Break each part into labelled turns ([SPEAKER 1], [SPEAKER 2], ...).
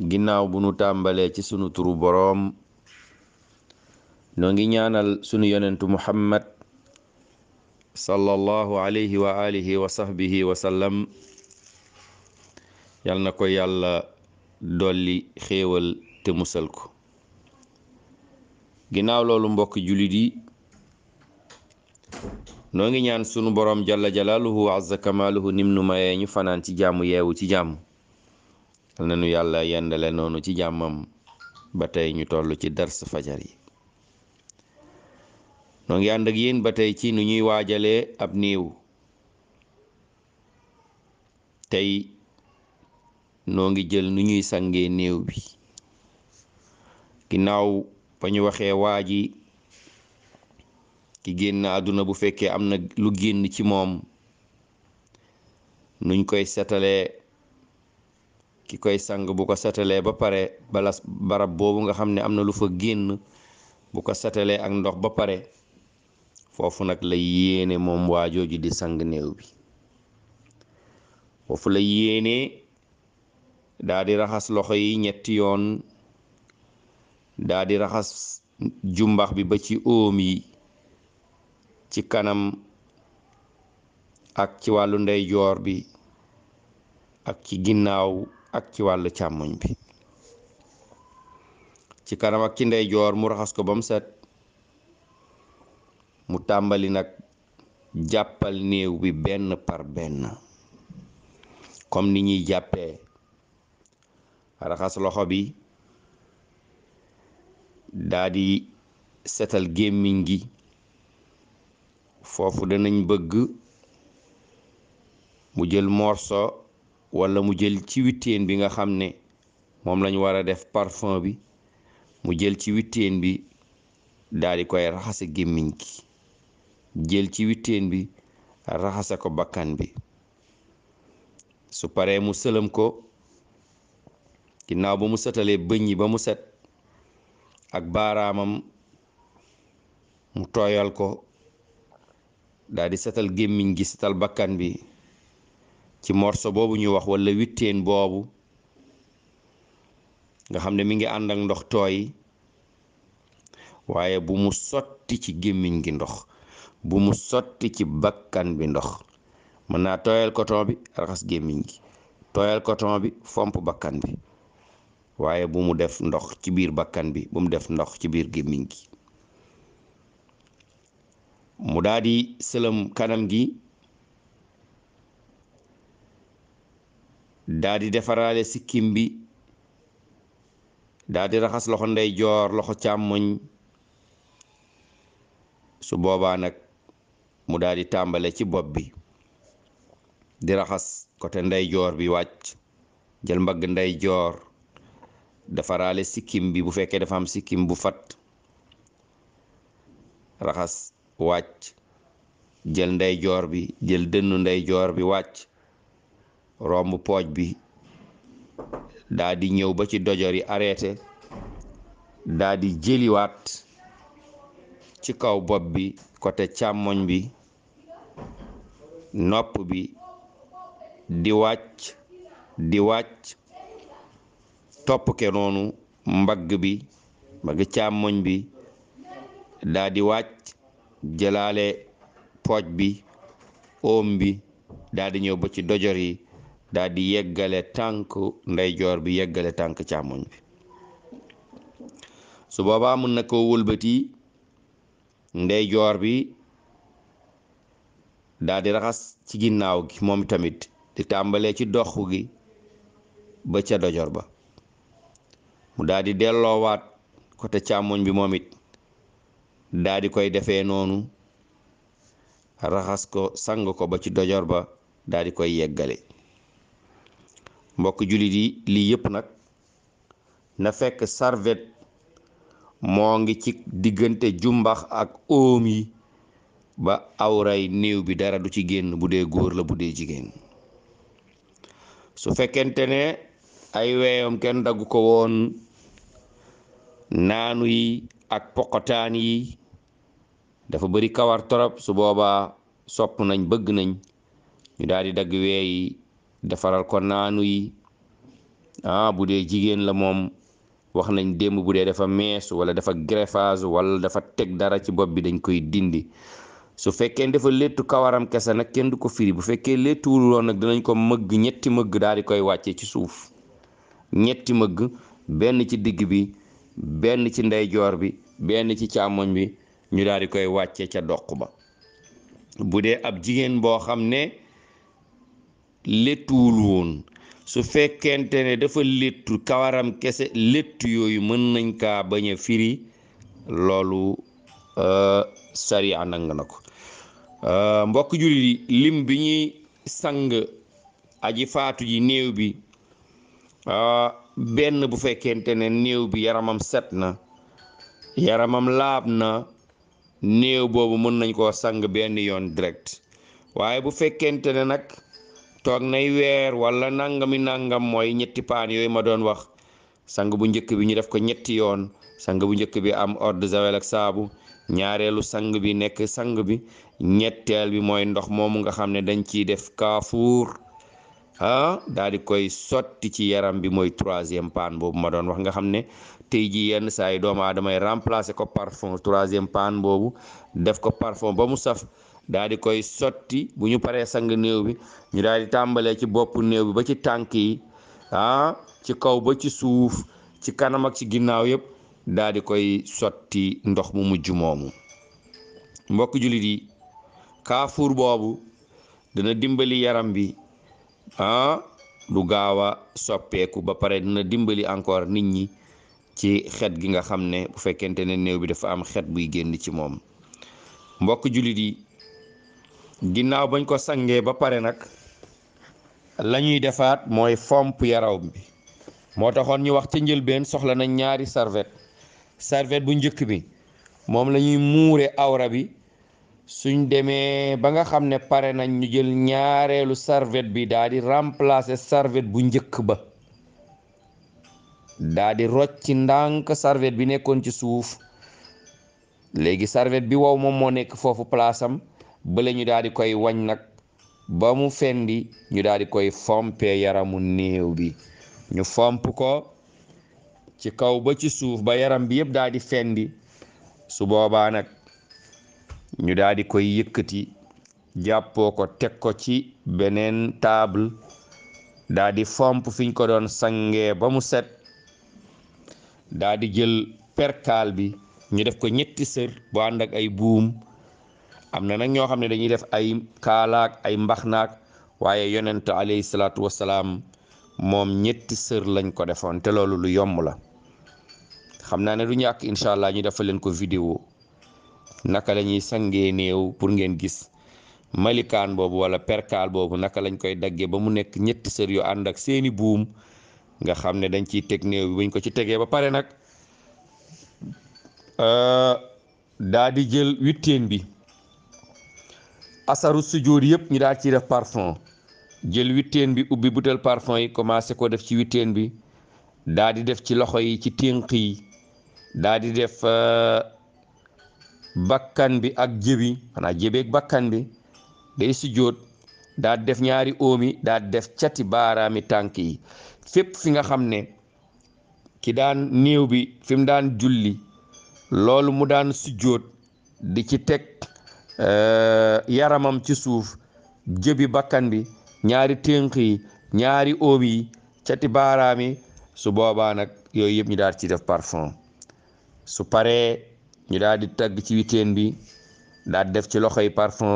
[SPEAKER 1] ginnaaw bu nu tàmbalee ci sunu turu boroom noo ngi ñaanal sunu yonentu muhammad sallallahu alayhi wa alihi wa sahbihi wa sallam yal na ko yàlla dolli xéewal te musal ko ginnaaw loolu mbokk jullit yi noo ngi ñaan sunu boroom jalla jalaaluhu wa azza kamaaluhu nim nu mayee ñu fanaan ci jàmm yeewu ci jàmm yal na nu yàlla yendale noonu ci jàmmam ba tey ñu toll ci dars fajar yi noo ngi ànd ak yéen ba tey ci nu ñuy waajale ab néew tey noo ngi jël nu ñuy sange néew bi ginnaaw ba ñu waxee waa ji ki génn àdduna bu fekkee am na lu génn ci moom nuñ koy setalee ki koy sang bu ko satalee ba pare bala barab boobu nga xam ne am na lu fa génn bu ko satalee ak ndox ba pare foofu nag la yéene moom waajooju di sang néew bi foofu la yéene daa raxas loxo yi ñetti yoon daa raxas jumbax bi ba ci óom yi ci kanam ak ci wàllu ndeyjoor bi ak ci ginnaaw ak ci wàllu càmmoñ bi ci kanam ak ci ndeyjoor mu raxas ko ba mu set mu tàmbali nag jàppal néew bi benn par benn comme ni ñuy jàppee raxas loxo bi daa setal gémmiñ gi foofu danañ bëgg mu jël morso wala mu jël ci witteen bi nga xam ne moom lañu war a def parfum bi mu jël ci witteen bi daldi koy raxase gémmiñ gi jël ci witteen bi raxase ko bakkan bi su paree mu sëlëm ko ginnaaw ba mu setalee bëñ yi ba mu set ak baaraamam mu tooyal ko daal setal gémmiñ gi setal bakkan bi ci morceau boobu ñuy wax walla witteen boobu nga xam ne mi ngi àndak ndox tooy waaye bu mu sotti ci gémmiñ gi ndox bu mu sotti ci bakkan bi ndox mën naa tooyal coton bi raxas gémmiñ gi tooyal coton bi fomp bakkan bi waaye bu mu def ndox ci biir bakkan bi bu mu def ndox ci biir gémmiñ gi mu daal di kanam gi daa di defaraale sikkim bi daa di raxas loxo ndeyjoor loxo càmmoñ su boobaa nag mu daa di tàmbale ci bopp bi di raxas côté ndeyjoor bi wàcc jël mbagg ndeyjoor defaraale sikkim bi bu fekkee dafa am sikkim bu fat raxas wàcc jël ndeyjoor bi jël dënnu ndeyjoor bi wàcc romb pooj bi daa ñëw ba ci dojor yi arrêté daa jëliwaat ci kaw bopp bi côté càmmoñ bi nopp bi di wàcc di wàcc topp ke noonu mbagg bi mbagg càmmoñ bi daa di wàcc jëlaale pooj bi oom bi daa ñëw ba ci dojor yi daldi di yeggale tànk ndeyjoor bi yeggale tànk càmmoñ bi su boobaa mën na koo wëlbati ndeyjoor bi daldi raxas ci ginnaaw gi moom tamit di tàmbalee ci dox gi ba ca dojor ba mu daal di delloowaat côté càmmoñ bi moom it daldi koy defee noonu raxas ko sang ko ba ci dojor ba daldi koy yeggale mbokk jullit yi lii yëpp nag na fekk sarvet moo ngi ci diggante jumbax ak óom yi ba awray néew bi dara du ci génn bu dee góor la bu dee jigéen su fekkente ne ay weeyam kenn daggu ko woon naanu yi ak poqotaan yi dafa bari kawar torop su boobaa sopp nañ bëgg nañ ñu daldi di dagg weeyi defaral ko naanu yi ah bu dee jigéen la moom wax nañ démb bu dee dafa mees wala dafa greffage walla dafa teg dara ci bopp bi dañ koy dindi su fekkee dafa léttu kawaram kese nag kenn du ko firi bu fekkee léttuwul woon nag dinañ ko mëgg ñetti mëgg daal di koy wàcce ci suuf ñetti mëgg benn ci digg bi benn ci ndeyjoor bi benn ci càmmoñ bi ñu daal di koy wàccee ca doq ba bu dee ab jigéen boo xam ne léttuwul woon su fekkente ne dafa léttu kawaram kese léttu yooyu mën nañ kaa bañ a firi loolu euh, sariya nang na ko euh, mbokk jullit lim bi ñuy sang aji faatu ji néew bi euh, benn bu fekkente ne néew bi yaramam set na yaramam laab na néew boobu mën nañ koo sang benn yoon direct waaye bu fekkente ne nag toog nay weer wala nangami nangam mooy ñetti paan yooyu ma doon wax sang bu njëkk bi ñu def ko ñetti yoon sang bu njëkk bi am eau saabu ñaareelu sang bi nekk sang bi ñetteel bi mooy ndox moomu nga xam ne dañ ciy def kaafuur ah daal di koy sotti ci yaram bi mooy troisième paan boobu ma doon wax nga xam ne tey ji yenn saa yi doomu aadamay remplacer ko parfum troisième paan boobu def ko parfum ba mu saf daal koy sotti bu ñu paree sang néew bi ñu daal di tàmbalee ci bopp néew bi ba ci tànk yi ah ci kaw ba ci suuf ci kanamak ci ginnaaw yëpp daal di koy sotti ndox mu mujj moomu mbokk jullit yi kaafuur boobu dana dimbali yaram bi ah du gaaw a soppeeku ba pare dana dimbali encore nit ñi ci xet gi nga xam ne bu fekkente ne néew bi dafa am xet buy génn ci moom mbokk jullit yi ginnaaw bañ ko sangee ba pare nag lañuy defaat mooy fomp yaraw bi moo taxoon ñu wax ca njëlbeen soxla na ñaari serviette serviette bu njëkk bi moom la ñuy muure awra bi suñ demee ba nga xam ne pare nañ ñu jël ñaareelu serviette bi daa di remplacer serviette bu njëkk ba daa di rocc ndànk serviette bi nekkoon ci suuf léegi serviette bi wow moom moo nekk foofu palaasam bële ñu daal koy wañ nag ba mu fendi ñu daal koy fompe yaramu néew bi ñu fomp ko ci kaw ba ci suuf ba yaram bi yëpp daal di fendi su boobaa nag ñu daal koy yëkkati jàppoo ko teg ko ci beneen table daal fomp fiñ ko doon sangee ba mu set daal jël perkaal bi ñu def ko ñetti sër bu ànd ay buum am na nag ñoo xam ne dañuy def ay kaalaak ay mbaxnaak waaye yonent alayhi salaatu wasalaam moom ñetti sër lañ ko defoon te loolu lu yomb la xam naa ne du ñàkk incha allah ñuy def leen ko vidéo naka la ñuy sangee néew pour ngeen gis malikaan boobu wala perkaal boobu naka lañ koy daggee ba mu nekk ñetti sër yu ànd ak seeni buum nga xam ne dañ ciy teg néew bi buñ ko ci tegee ba pare nag euh, daa jël witteen bi asaru sujjóot yëpp ñu daal ci def parfum jël witteen bi ubbi butel parfum yi commencé ko def ci witteen bi daa di def ci loxo yi ci ténk yi daa def euh, bakkan bi ak jëbi xanaa jëbeeg bakkan bi day sujjóot daa di def ñaari óomi daa di def cati baaraami tànk yi fépp fi nga xam ne ki daan néew bi fi mu daan julli loolu mu daan sujjóot di ci teg Euh, yaramam ci suuf jëbi bakkan bi ñaari ténk yi ñaari óob yi cati baaraam yi su boobaa nag yooyu yëpp ñu daal ci def parfum su pare ñu daal di ci witeen bi daal def ci loxo yi parfum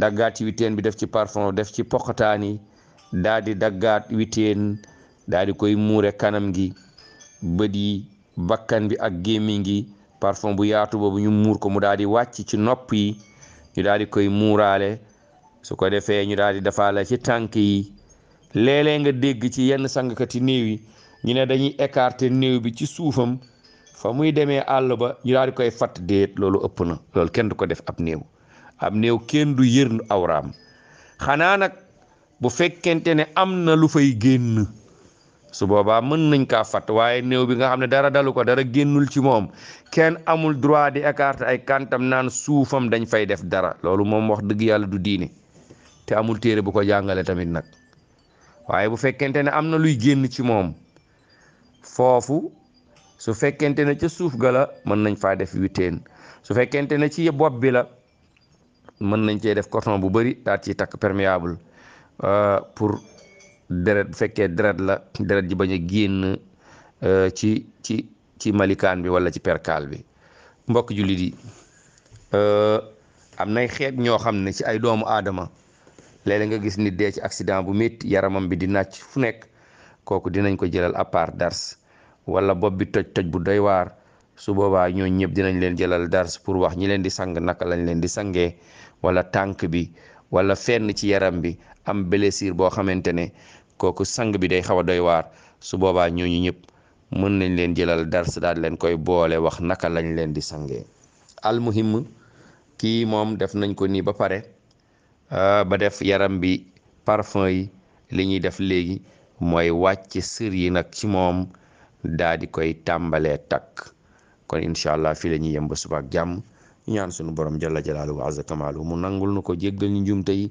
[SPEAKER 1] daggaat ci witeen bi def ci parfum def ci poqataan yi daal daggaat witeen daal koy muure kanam gi bët yi bakkan bi ak gémmiñ gi parfum bu yaatu boobu ñu muur ko mu daal di wàcc ci nopp yi ñu daal di koy muuraale su ko defee ñu daal di defaale ci tànk yi léeg nga dégg ci yenn sangkati néew yi ñu ne dañuy écarter néew bi ci suufam fa muy demee àll ba ñu daal di koy fatt déet loolu ëpp na loolu kenn du ko def ab néew ab néew kenn du yërnu awraam xanaa nag bu fekkente ne am na lu fay génn su boobaa mën nañ kaa fat waaye néew bi nga xam ne dara dalu ko dara génnul ci moom kenn amul droit di écarter ay kantam naan suufam dañ fay def dara loolu moom wax dëgg yàlla du diine te amul téere bu ko jàngale tamit nag waaye bu fekkente ne am na luy génn ci moom foofu su fekkente ne ca suuf ga la mën nañ faa def witeen su fekkente ne ci bopp bi la mën nañ cee def coton bu bëri daal ci takk perméable euh, pour deret bu fekkee deret la deret ji bañ a génn euh, ci ci ci malikaan bi wala ci perkaal bi mbokk jullit yi euh, am nay xeet ñoo xam ne ci ay doomu aadama léeg-léeg nga gis nit dee ci accident bu métti yaramam bi di nàcc fu nekk kooku dinañ ko jëlal à part dars wala bopp bi toj toj bu doy waar su boobaa ñoo ñëpp dinañ leen jëlal dars pour wax ñi leen di sang naka lañ leen di sangee wala tànk bi wala fenn ci yaram bi am blessure boo xamante ne kooku sang bi day xaw a doy waar su boobaa ñooñu ñëpp mën nañ leen jëlal dars daal leen koy boole wax naka lañ leen di sangee almuhim kii moom def nañ ko nii ba pare ah, ba def yaram bi parfum yi li ñuy def léegi mooy wàcc sër yi nag ci moom daa di koy tàmbalee takk kon incha allah fii la ñuy yem ba suba ak jàmm ñaan sunu borom jolla jalaaluhu wa azza kamaaluhu mu nangul nu ko jéggal ñu njumte yi